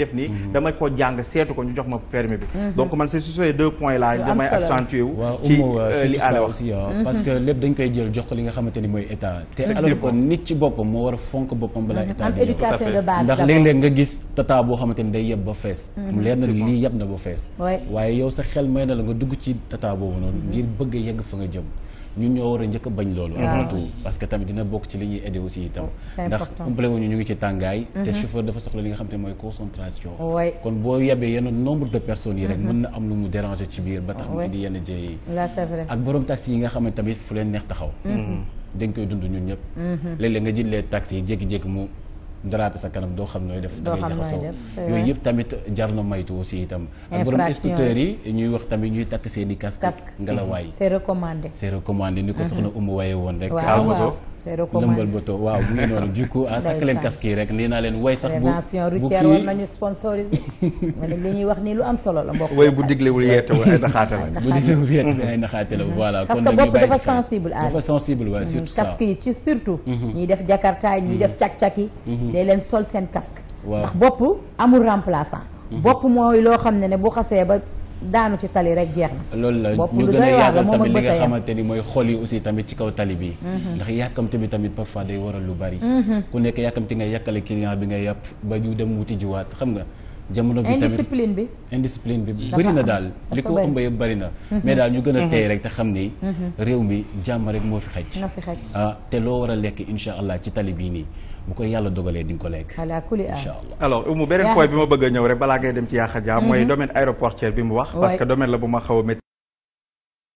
def nii mm-hmm. ko jàng seetu ko ñu jox ma permis bi mm-hmm. donc man c'est sur ces deux points là damay accentuer ci euh, euh, li àll aussi parce que lépp dañ koy jël jox ko li nga xamante ni mooy état te alors ko nit ci boppam moo war a fonk boppam balaa ndax léeg-léeg nga gis tata boo xamante ni day yeb ba fees mhm. mu leer na lii yeb na ba fees waaye yow sa xel may na la nga dugg ci tata boobu noonu mhm. ngir bëgg a yegg fa nga jëm ñun ñoo war a njëkk a bañ loolu avant tout parce que tamit dina bokk ci li ñuy aider aussi itam ndax ëmpale wuñu ñu ngi ci tàngaay mhm. te chauffeur dafa soxla li nga xam ne mooy concentration kon boo yebee yenn nombre de personnes yi rek mën na am lu mu déranger ci biir ba tax mu indi yenn yi nga xamante tamit fu leen neex taxaw dañ koy dund ñun ñëpp léeg-léeg nga jël les mu dérapé sa kanam doo xam nooy def da ngay jaxasoo yooyu yëpp tamit jar na maytu aussi itam ak borom scooter yi ñuy wax tamit ñuy takk seen i casque ngelawaay c'est recommandé c'est recommandé ni ko mhm. soxna umu waye woon rek c'est recommandé lëmbal bato waaw mu ngi noonu du coup ah bu nation wax nii lu am solo la mbokk way bu diglewul yeete ay naxaate la bu diglewul yeete ay naxaate la mm-hmm. voilà kon nag bopp dafa sensible à dafa mm-hmm. yi ci surtout mm-hmm. ñiy def jakartaay ñiy def cak-cak yi leen sol seen casque waaw ndax bopp amul remplaçant bopp mooy loo xam ne ne bu xasee ba daanu ci tali rek jeex na. la ñu gën a yaatal tamit li nga xamante ni mooy xol yi aussi tamit ci kaw tali bi. Mhm. ndax yàkkamte bi tamit parfois day waral lu bari. Mhm. ku nekk yàkkamte nga yàkkale client bi nga yàpp ba ñu dem wuti jiwaat xam nga. jamono bi tamit indiscipline bi. indiscipline bi bëri na daal li ko ëmb yëpp bëri na. Mhm. mais daal ñu gën a tey rek te xam ni. réew mi jàmm rek moo fi xaj. ah te loo war a lekk incha allah ci tali bii nii. bu koy yàlla dogalee di nga ko lekk incha allah alors mu beneen point bi ma bëgg a ñëw rek balaa ngay dem ci yaaxa jaa mooy mhm. domaine aéroportuaire bi mu wax parce que domaine la bu ma xaw a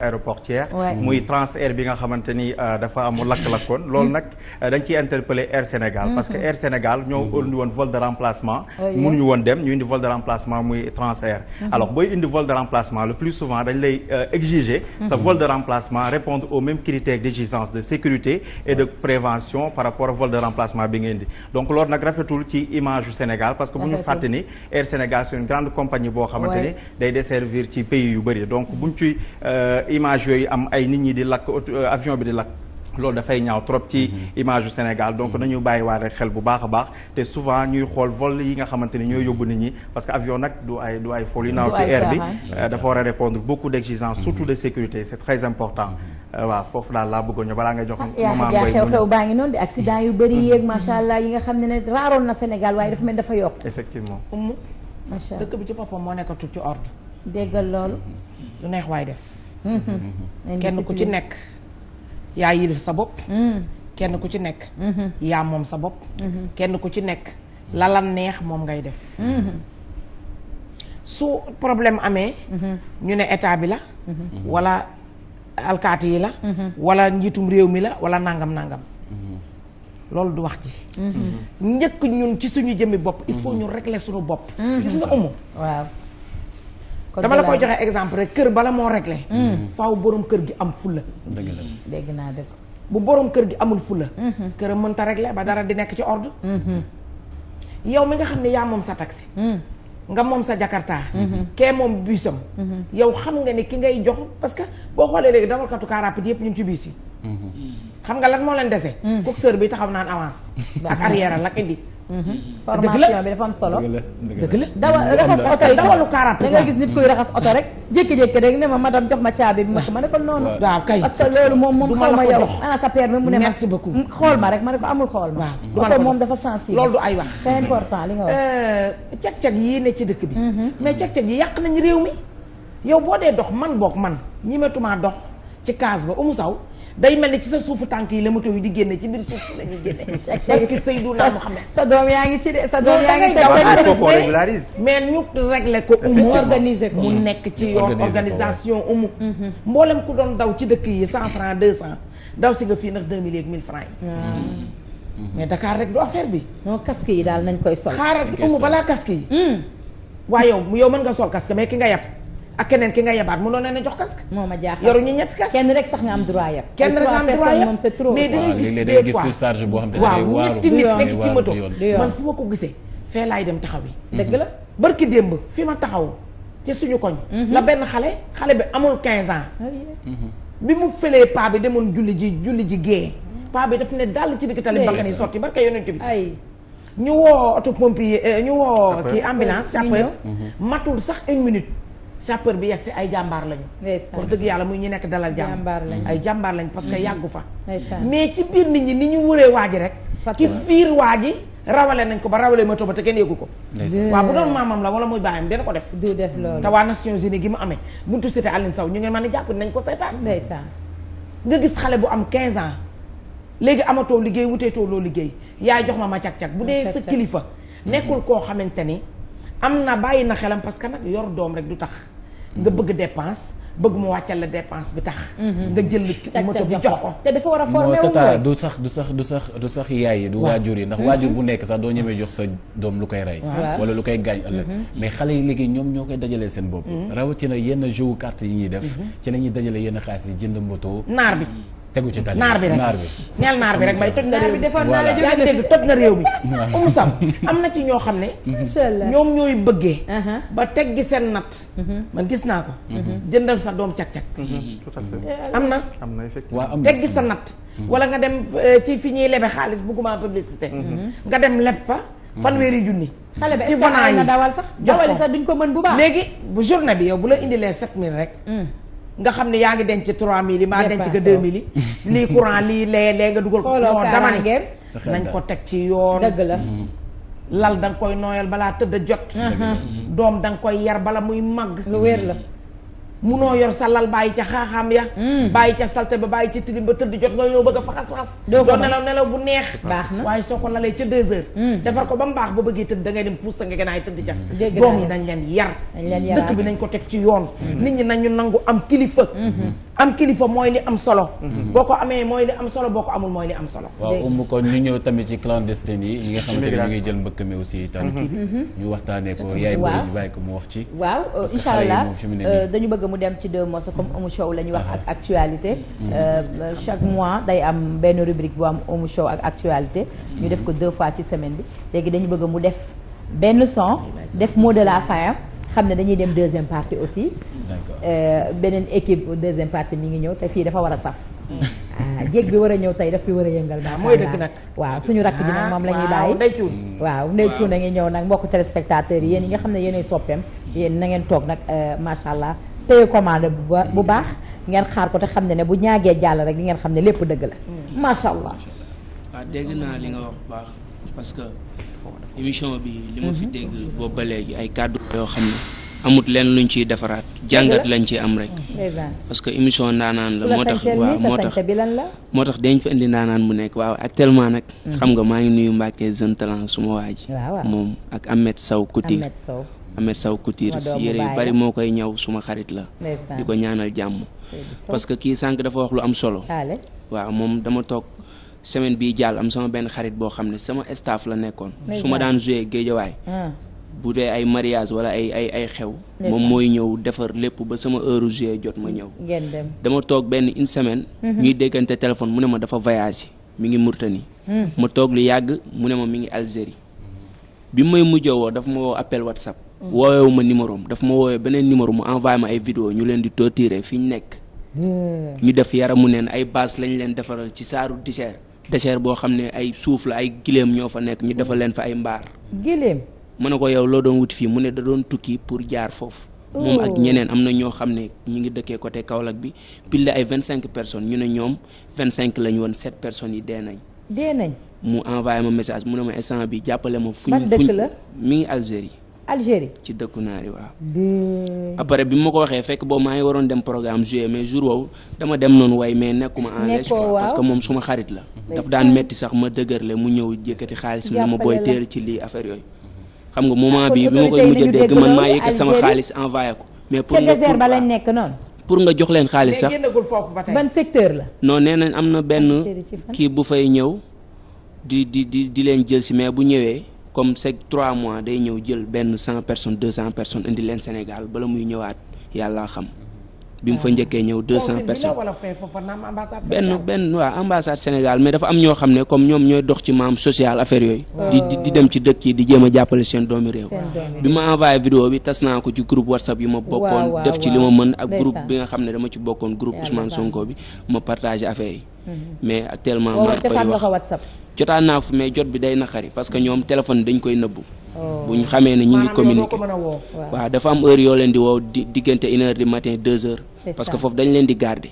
aéroportière muy Transair bi nga xamante euh, dafa am lakk-lakkoon mm-hmm. loolu nag euh, dañ ciy interpeller Air Sénégal mm-hmm. parce que Air Sénégal ñoo mm-hmm. indi woon vol de remplacement oh, mënuñu woon dem ñu indi vol de remplacement muy Transair alors booy indi vol de remplacement le plus souvent dañ lay euh, exiger sa vol de remplacement répondre aux mêmes critères d'exigence de sécurité et de prévention par rapport au vol de remplacement bi nga indi donc loolu nag rafetul ci image yooyu am ay nit ñi di lakk euh, avion bi di lakk loolu dafay ñaaw trop ci mm-hmm. image Sénégal donc mm-hmm. nañu bàyyi waa xel bu baax a baax te souvent ñuy xool vol yi nga xamante ni ñooy mm-hmm. yóbbu nit ñi parce que avion nag du ay du yu naaw ci air bi euh, dafa war a répondre beaucoup d'exigences surtout de sécurité c'est très important euh, waaw foofu daal laa bëggoon ñu balaa nga jox ah, moment booy xew-xew baa ngi noonu di accident yu bëri yéeg macha allah yi nga xam ne ne raaroon na Sénégal kenn ku ci nekk yaa yilif sa bopp mm. kenn ku ci nekk mm-hmm. yaa moom sa bopp mm-hmm. kenn ku ci nekk la la neex moom ngay def mm-hmm. su problème amee ñu ne état bi la wala alkaati yi la wala njiitum réew mi la wala nangam nangam loolu du wax ci njëkk ñun ci suñu jëmmi bopp il faut ñu régler suñu bopp gis nga umu waaw dama la koy joxe exemple rek kër bala moo réglé. Hmm. faaw boroom kër gi am fulla dégg naa dëgg. bu borom kër gi amul fulla hmm. këram mënta réglé ba dara di nekk ci ordre. Hmm. yow mi nga xam ne yaa moom sa taxi. nga moom sa jakartaa kee moom biisam yow xam nga ne ki ngay jox parce que boo xoolee léegi dawalkatu car rapide yëpp ñu ngi ci biis yi xam nga lan moo leen dese coxeur bi taxaw naan avance ak arrière lak indi Mm-hmm. formation bi dafa am solo dëgg la dawa raxas oto yi dawalu quarante da ngay gis nit kuy raxas oto rek jékki-jékki rek ne ma madame jox ma caabi bi ma ko ma ne ko noonu xool ma rek ma ne ko amul xool ma oto moom dafa sensible loolu du ay wax c'est important li nga wax euh, cag-cag yi ne ci dëkk bi mm-hmm. mais cag-cag yi yàq nañ réew mi yow boo dee dox man boog man ñi dox ci case ba umu saw day mel ni ci sa suufu tànk yi la moto yi di génne ci biir suuf si la ñuy génne. tekki Seydouna Muhammad sa doom yaa ngi ci de sa doom yaa ngi ci mais ñu réglé ko umu organiser mu nekk ci yoon organisation umu mhm. mboolem ku doon daw ci dëkk yi cent franc deux cent daw si nga fii nag deux mille ak mille franc yi mhm. mais dakaar rek du affaire bi non casque yi daal nañ koy sol xaaral umu balaa casque yi hmm. waaye yow yow mën nga sol casque mais ki nga yàpp ak keneen ki nga yebaat mënoon na ne jox casque. moo ma jaaxal yoruñu ñetti casque. kenn rek sax nga am droit yëpp. kenn rek am droit yëpp c'est trop. gis des fois waaw ñetti nit nekk ci moto man fu ma ko gisee fee laay dem taxaw la mm-hmm. barki démb fi ma taxaw ci suñu koñ mm-hmm. la benn xale xale bi amul 15 ans ah mm-hmm. bi mu fëlee paa bi demoon julli ji julli ji gée paa bi daf ne dàll ci digg tali bakkan yi sotti barka yonent bi ñu woo auto pompier euh, ñu woo kii ambulance sapeur matul sax une sapeur bi yegg si ay jàmbaar lañu. wax dëgg yàlla muy ñu nekk dalal jàmm. ay jàmbaar lañu parce que mm-hmm. yàggu fa. mais ci biir nit ñi ni ñu wëree waa ji rek. ki fiir waa ji rawale nañ ko ba rawale ma ba te kenn yëgu ko. waaw bu doon maamam la wala muy baayam dina ko def. du def loolu te waa Nations Unies gi mu amee buntu cité Aline Sow ñu ngi mën a jàpp nañ ko seetaan. nga gis xale bu am 15 ans léegi amatoo liggéey wuteetoo loo liggéey yaay jox ma ma cag-cag bu dee sa kilifa mm-hmm. nekkul koo xamante ni am na bàyyi na xelam parce que nag yor doom rek du tax nga bëgg dépense bëgg mu wàccal la dépense bi tax. Mhm. nga jël moto bi jox ko. te dafa war a formé wu tata du sax du sax du sax du sax yaay yi du waajur yi ndax mhm. waajur bu nekk sax doo ñemee jox sa doom lu koy rey. wala lu koy gaañ ëllëg. Mhm. mais xale yi léegi ñoom ñoo koy dajalee seen bopp. rawatina yenn jeu carte yi ñuy def. ci la ñuy dajalee yenn xaalis yi jënd moto. naar bi. tegu ci tali naar bi rek naar bi naar bi rek bay toj na réew mi yaa ngi dégg toj na am na ci ñoo xam ne mhm. ñoom ñooy bëggee uh-huh. ba teggi seen nat mhm. ma gis naa ko mhm. jëndal sa doom cag-cag eh, am na teggi sa nat wala nga dem euh, ci fi ñuy lebe xaalis bugguma publicité nga dem leb fa fanweeri junni xale bi ci vanaa yi dawal sax dawali sax duñ ko mën bu baax léegi bu journée bi yow bu la indilee sept mille rek mm. nga xam ne yaa ngi denc 3000 yi maa denc ko 2000 yi. lii courant lii lee nga dugal ko. non dama ni nañ ko teg ci yoon. dëgg la. lal da nga koy nooyal balaa tëdd jot. doom danga koy yar bala muy màgg. lu la. munoo yor sa lal bàyyi ca xaaxaam ya hmm. bàyyi ca salte ba bàyyi ca tilim ba tëdd jot nga ñëw bëgg a faxas-faxas doo nelaw nelaw bu neex waaye soo ko lalee ca deux heures hmm. defar ko ba mu baax ba bëggee tëdd da ngay dem puus sa nga gënaay tëdd ca doom yi nañ leen yar dëkk bi nañ ko teg ci yoon hmm. nit ñi nañu nangu am kilifa am kilifa mooy li am solo. Mhm. boo ko amee mooy li am solo boo ko amul mooy li am solo. waaw umb kon ñu ñëw tamit ci clandestine yi. yi nga xamante ne ñu jël mbëkk mi aussi tam. Mhm. Mhm. ñu waxtaanee ko yaay bëri bàyyi ko mu wax ci. waaw euh, incha allah euh, dañu bëgg mu dem ci deux mois comme Oumou Show la ñuy wax ak actualité. Euh, chaque mois day am benn rubrique bu am Oumou Show ak actualité. ñu def ko deux fois ci semaine bi léegi dañu bëgg mu def benn son def mot de la fin xam ne dañuy dem deuxième partie aussi. Euh, beneen équipe deuxième partie mi ngi ñëw te fii dafa war a saf. ah bi war a ñëw tey daf fi war a yëngal. Ah, macha allah mooy dëkk waaw suñu rakk ji nag moom la ñuy bàyyi. Ah, waaw ndey cuun a ngi ñëw nag mbokk téléspectateurs yi yéen ñi nga xam ne yéenay soppeem. yéen na ngeen toog nag euh, macha allah téye commande bu baax ngeen xaar ko te xam ne ne bu ñaagee jàll rek di ngeen xam ne lépp dëgg la. Mm. macha allah. waaw ah, dégg naa li nga wax ma fi mm-hmm. dégg boobu ba léegi ay kàddu. yoo xam ne amut leen luñ ciy defaraat jàngat lañ ciy am rek. parce que émission ndaanaan la moo tax moo tax moo tax dañ fi indi ndaanaan mu nekk waaw actuellement nag. Mm. xam nga maa ngi nuyu Mbacke jeune talent suma waa ji. moom ak Ahmed saw Couture. Ahmed Sow Couture si yére bari moo koy ñaw suma xarit la. di ko ñaanal jàmm. parce que kii sànq dafa wax lu am solo. waaw moom dama toog semaine bii jaal am sama benn xarit boo xam ne sama staff la nekkoon. su ma daan joué géejawaay bu dee ay mariage wala ay ay ay xew. moom mooy ñëw defar lépp ba sama heure joué jot ma ñëw. dama toog benn une semaine. Mhm. ñuy déggante téléphone mu ne ma dafa voyagé mi ngi Murtani. Mhm. ma toog lu yàgg mu ne ma mi ngi Algérie bi may mujj woo daf ma woo appel WhatsApp. Mhm. woowewu ma numéro daf ma woowee beneen numéro mu envoyé ma ay vidéo ñu leen di torturer fi ñu nekk. ñu def yaramu neen ay bâche lañ leen defaral ci saaru désert désert boo xam ne ay suuf la ay gileem ñoo fa nekk ñu defal leen fa ay mbaar. mën na ko yow loo doon wut fii mu ne da doon tukki pour jaar foofu. moom ak ñeneen am na ñoo xam ne ñu ngi dëkkee côté Kaolack bi pile ay vingt cinq personnes ñu ne ñoom vingt cinq lañ woon sept personnes yi dee nañ. dee nañ. mu envoyé ma message mu ne ma instant bi jàppale ma. fu ñu fu ñu mi ngi Algérie. Algérie ci dëkku naari waaw. après bi ma ko waxee fekk boobu maa ngi waroon dem programme juillet mais jour woowu dama dem noonu way mais nekkuma en lèche parce que moom suma xarit la. daf daan metti sax ma dëgërle mu ñëw yëkkati xaalis mu ne ma booy ci lii affaire yooyu. xam nga moment bii bi ma koy mujj a dégg man maa yëkkat sama xaalis envoyé ko. mais pour nga nekk noonu. pour nga jox leen xaalis sax ban secteur la. non nee nañ am na benn kii bu fay ñëw di di di di leen jël si mais bu ñëwee comme c'est trois mois day ñëw jël benn cent personne deux cent personne indi leen Sénégal bala muy ñëwaat yàlla xam. bi mu fa njëkkee ñëw deux cent personnes benn benn waa ambassade Sénégal mais dafa am ñoo xam ne comme ñoom ñooy dox ci maam social affaire yooyu oh. di di dem ci dëkk yi di jéem a jàppale seen doomi réew bi ma envoyé vidéo bi tas naa ko ci groupe whatsapp yi ma bokkoon def ci li ma mën ak groupe bi nga xam ne dama ci bokkoon groupe Ousmane Sonko bi ma partagé affaire yi mhm. mais actuellement ma koy wax jotaan naa fu mais jot bi day naqari parce que Oh. bu ñu xamee ne ñu ngi communiquer waaw dafa am heure yoo leen di woo di diggante une heure du matin deux que foofu dañ leen di garder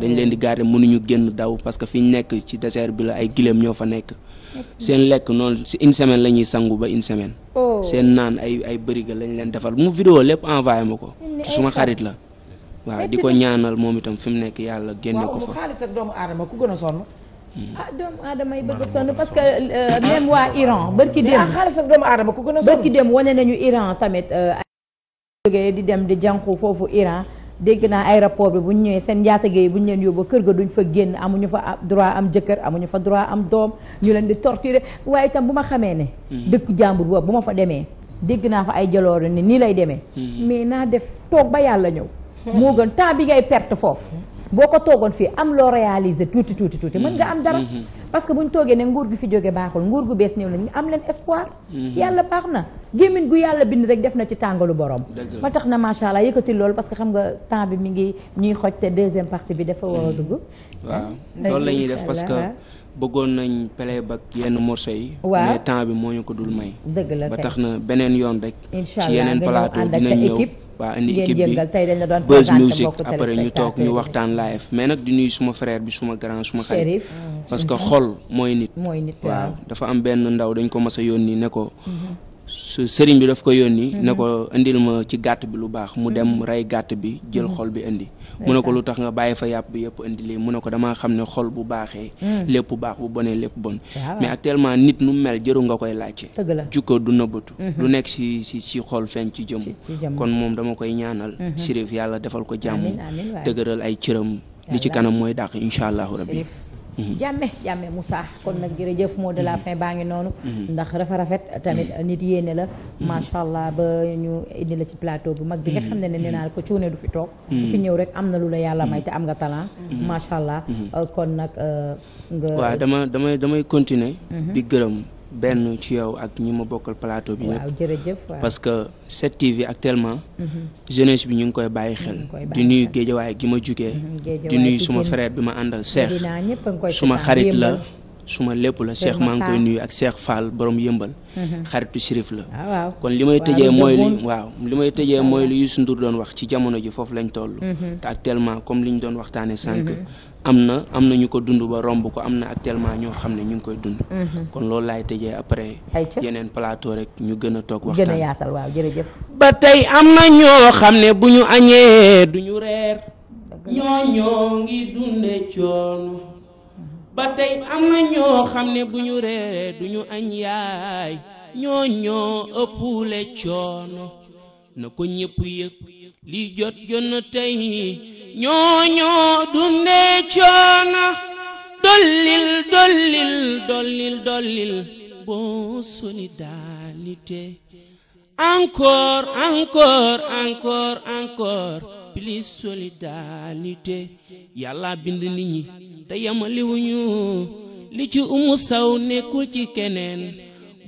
dañ leen di garder ñu génn daw parce que fi ñu nekk ci désert bi la ay giléem ñoo fa nekk seen lekk noonu si une semaine la ñuy sangu ba une semaine oh. seen naan ay ay bëriga lañ leen defal mu vidéo lépp envoyé ma ko suma xarit la waaw di ko ñaanal moom itam fi mu nekk yàlla génne ko fa Hmm. ah doomu aadama yi bëgg sonn parce que euh, même waa ah, Iran bërki dem xaalis ak doomu aadama dem wane nañu Iran tamit euh, ay jógee di dem di jànku foofu Iran dégg naa aéroport bi bu ñu ñëwee seen njaatige yi bu ñu leen yóbbu kër ga duñ fa génn amuñu fa droit am jëkkër amuñu fa droit am doom ñu leen di torturer waaye itam bu ma xamee ne hmm. dëkk jàmbur boobu bu ma fa demee dégg naa fa ay jaloore ni nii lay demee hmm. mais naa def toog ba yàlla ñëw moo gën temps bi ngay perte foofu boo ko toogoon fii am loo réaliser tuuti tuuti tuuti mën nga am dara mm-hmm. Mm-hmm. parce que bu ñu toogee ne nguur gi fi jóge baaxul nguur gu bees ñëw nañ am leen espoir mm-hmm. yàlla baax na gémmiñ gu yàlla bind rek def na ci tàngalu borom ba tax na macha allah yëkkati loolu parce que xam nga temps bi mu ngi ñuy xoj te deuxième partie bi dafa war a dugg waaw loolu la ñuy def parce que bëggoon nañ playback yenn morceau yi mais temps bi moo ñu ko dul may dëgg la ba tax na beneen yoon rek ci yeneen plateau dinañ ñëw waa indi équipe bi buzz music après ñu toog ñu waxtaan live mais nag di nuyu suma frère bi suma grand suma xarit mm. parce que xol mooy nit waaw dafa am benn ndaw dañ ko mas a yónni ne ko mm-hmm. su sëriñ bi daf ko yónni ne mm-hmm. ko indil ma ci gàtt bi lu baax mu mm-hmm. dem rey gàtt bi jël xol bi indi mu ne ko lu tax nga bàyyi fa yàpp bi yëpp indi lii mu ne ko damaa xam ne xol bu baaxee hmm. lépp bu baax bu bonee lépp bon mais actuellement nit nu mel jëru nga koy laajte jukko du nëbbatu lu hmm. nekk si si si xol feeñ ci jëmm kon moom dama koy ñaanal hmm. Chérif yàlla defal ko jàmm dëgëral ay cëram li ci kanam mooy dàq incha allahu rabbi Mhm. jàmme jàmme Moussa kon nag mhm. jërëjëf mot de la mhm. fin baa ngi noonu ndax rafa rafet tamit nit yéene la macha allah ba ñu indi la ci plateau bu mag bi nga xam ne ne nee naa ko ne du fi toog du fi ñëw rek am na lu la yàlla may te am nga talent macha allah kon nag euh, nga waaw dama damay damay continuer di gërëm benn ci yow ak ñi ma bokkal plateau bi yëpp. waaw jërëjëf parce que 7TV actuellement. Mhm. jeunesse bi ñu ngi koy bàyyi xel. di nuyu géejawaay gi ma jugee. Mhm, di nuyu suma frère bi ma àndal seex. suma xarit la. ma lépp la Cheikh maa ngi koy nuyu ak Cheikh Fall borom yëmbal mhm. xaritu Chérif la ah, waaw kon li may tëjee mooy li waaw li may tëjee mooy li Youssou Ndour doon wax ci jamono ji foofu lañ toll mhm. te actuellement comme li ñu doon waxtaane sànq mhm. am na ñu ko dund ba romb ko am na actuellement ñoo xam ne ñu ngi koy dund kon loolu laay tëjee après yeneen plateau rek ñu gën a waxtaan a ba tey am na ñoo xam ne bu ñu añee duñu reer ñoo ñoo ngi dunde coono ba tey am na ñoo xam ne bu ñu reere du ñu añ yaay ñoo ñoo ëppule coono na ko ñépp yëg li jot jot na tey ñoo ñoo dundee coono dollil dollil dollil dollil bon solidarité encore encore encore encore plus solidarité yàlla bind nit ñi te yamaliwuñu li ci umu saw nekkul ci keneen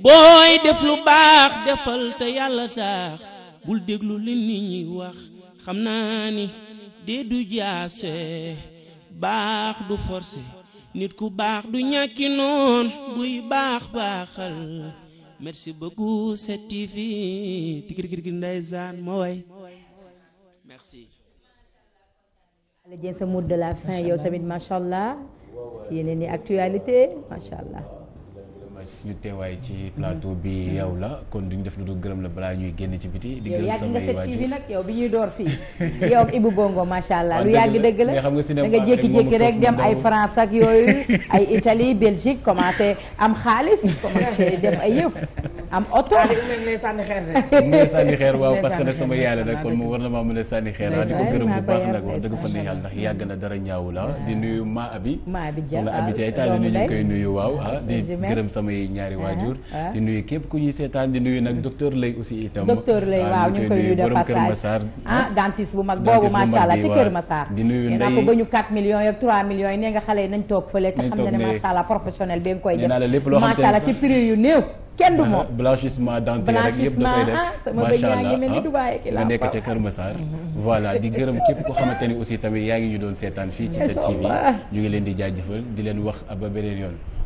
booy def lu baax defal te yàlla taax bul déglu li nit ñi wax xam naa ni dee du jaase baax du forcé nit ku baax du ñàkki noon buy baax baaxal beaucoup 7TV tikir kir Alla Dieng sa mot de la fin yow tamit macha allah ci yeneen i actualité macha allah. suñu teewaay ci plateau bi mm-hmm. yow la kon duñ def lu dul gërëm la balaa ñuy génn ci biti. di gërëm sama yàgg bi ñuy door fii yow ak Ibou Bongo macha la da nga jékki-jékki rek dem ay France ak yooyu ay Italie Belgique commencé am xaalis commencé def ay yëf am oto. Ah, lay sànni xeer rek. mu ngi lay sànni xeer waaw que sama yaay la nag mu war na maa mën a sànni xeer di ko gërëm bu baax nag na dara ñaawu la nuyu maa abi. maa abi Dia waaw soxna ñu koy nuyu waaw ah, di gërëm sama nuyu ñaari ah, waajur ah. di nuyu képp ku ñuy seetaan di nuyu nag mm-hmm. docteur Lay aussi itam docteur Lay ah, waaw ñu koy nuyu de passage dentiste bu mag boobu macha allah ci Kër Massar allah professionnel bi nga koy def macha allah ci prix yu néew kenn du moom blanchissement dentaire rek yëpp da koy def macha allah nga nekk ca Kër Massar mm-hmm. voilà di gërëm képp ko xamante aussi tamit yaa ngi ñu doon seetaan fii ci 7TV ñu ngi leen di jaajëfal di leen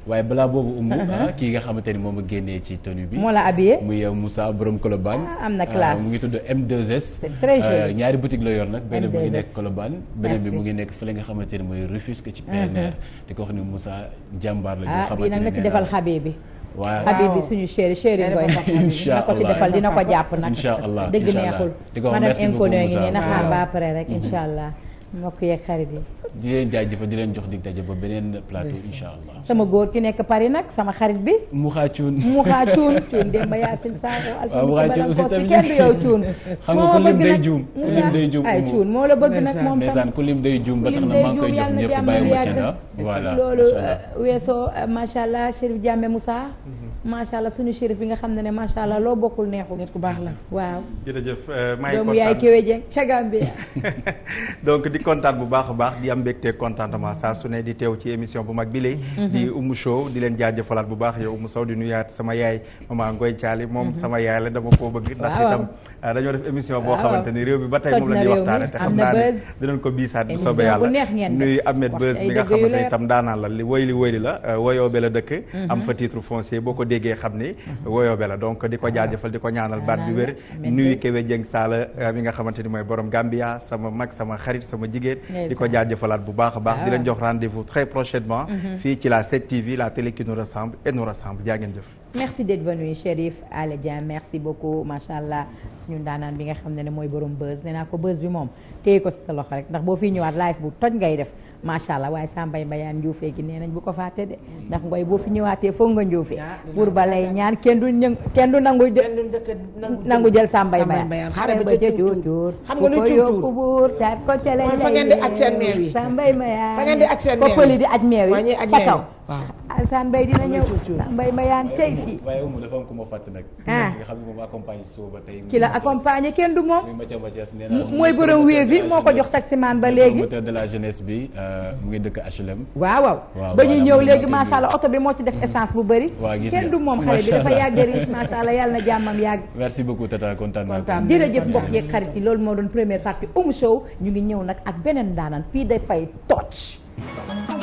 waaye balaa boobu umu uh-huh. ah, kii nga xamante ni moom ma génnee ci tenue bi moo la habillé muy euh, Moussa borom Colobane ah, am na ah, classe mu ngi tudd M2S euh, ñaari boutique la yoon nag beneen bi mu ngi nekk Colobane ngi nekk fële nga xamante ni mooy ko ci uh-huh. PNR di ko wax ni Moussa jàmbaar la ñu xamante ni nag ci defal xabee bi waaw bi suñu chéri chéri ngoy na ko ci dina ko jàpp nag incha allah dëgg neexul madame inconnu ngi nii na xaar ba après rek incha mm-hmm. allah mbokk yeeg xarit yi. di leen jaajëfal di leen jox dig daje ba beneen plateau incha allah. sama góor ki nekk Paris nag sama xarit bi. Mouxa Thioune Mouxa Thioune Thioune Demba Yacine Sakho. waaw Mouxa Thioune aussi kenn yow Thioune. xam nga ku lim day juum ku lim day juum ay Thioune moo la bëgg nag moom tam ku lim day juum ba tax na maa ngi koy jox ñëpp bàyyi ma ah. voilà loolu weesoo macha allah Chérif Diamé Moussa. Mhm. macha allah suñu shérif bi nga xam ne ne macha allah loo bokkul neexul. nit ku baax la waaw. jërëjëf eh, maa ngi kontaan doomu yaay Kéwé Dieng ca Gambia. donc di kontaan bu baax a baax di am mbégte contentement saa su ne di teew ci émission bu mag bi lay mhm. di Oumou Sow di leen jaajëfalaat bu baax yow Oumou Sow di nuyaat sama yaay maman Ngoy Thiali moom mhm. sama yaay la dama koo bëgg. ndax itam eh, dañoo def émission boo xamante ni réew bi ba tey moom la ñuy waxtaane te xam naa ne dinañ ko biisaat bu soobee yàlla nuyu Ahmed Beuz mi nga xamante ni itam daanaan la li woy li woy li la eh, woyoo be la dëkk am fa mhm. titre foncier boo ko déggee xam ni mhm. woyoobe la donc di ko ah, jaajëfal di ko ñaanal baat bi wér nuyu Kébé Dieng Sall euh, mi nga xamante ni mooy borom Gambia sama mag sama xarit sama jigéen di ko jaajëfalaat bu baax a baax di leen ah. jox rendez-vous très prochainement mhm. fii ci la 7TV la télé qui nous ressemble et nous rassemble jaa jëf merci d'être venu Chérif Alé Dieng merci beaucoup macha allah suñu ndaanaan bi nga xam ne ne mooy borom buzz nee naa ko buzz bi moom téye ko si sa loxo rek ndax boo fi ñëwaat live bu toj ngay def macha allah waaye sa mbay mbayaan njuufee gi nee nañ bu ko fàtte ndax ngoy boo fi foog nga njuufee pour ah, ba lay ñaan kenn du ñë kenn du nangu nangu jël sa mbay mbayaan xare ba ca cuur cuur xam nga luy cuur cuur buur taat ko ca lay di aj meew yi sa mbay mbayaan fa ngeen di aj seen meew yi koppali di aj meew yi ca kaw waaw Assane ah, Mbaye dina ñëw Mbaye Mbayaan tey fii. waaye umu nag. Ah. nga xam ne moom accompagne suba tey. ki la accompagné kenn du moom. mooy borom wéer bi moo ko jox taximaan ba léegi. de la jeunesse bi euh, mu ngi dëkk HLM. waaw waaw ba ñuy ñëw léegi macha allah oto bi moo ci def mm-hmm. essence bu bëri. waa gis kenn du moom xale bi dafa yàgg riche macha allah yàlla na jàmmam yàgg. merci beaucoup tata kontaan naa ko. jërëjëf mbokk yeeg xarit yi loolu moo doon première partie Oum Show ñu ngi ñëw nag ak beneen daanan fii dafay toj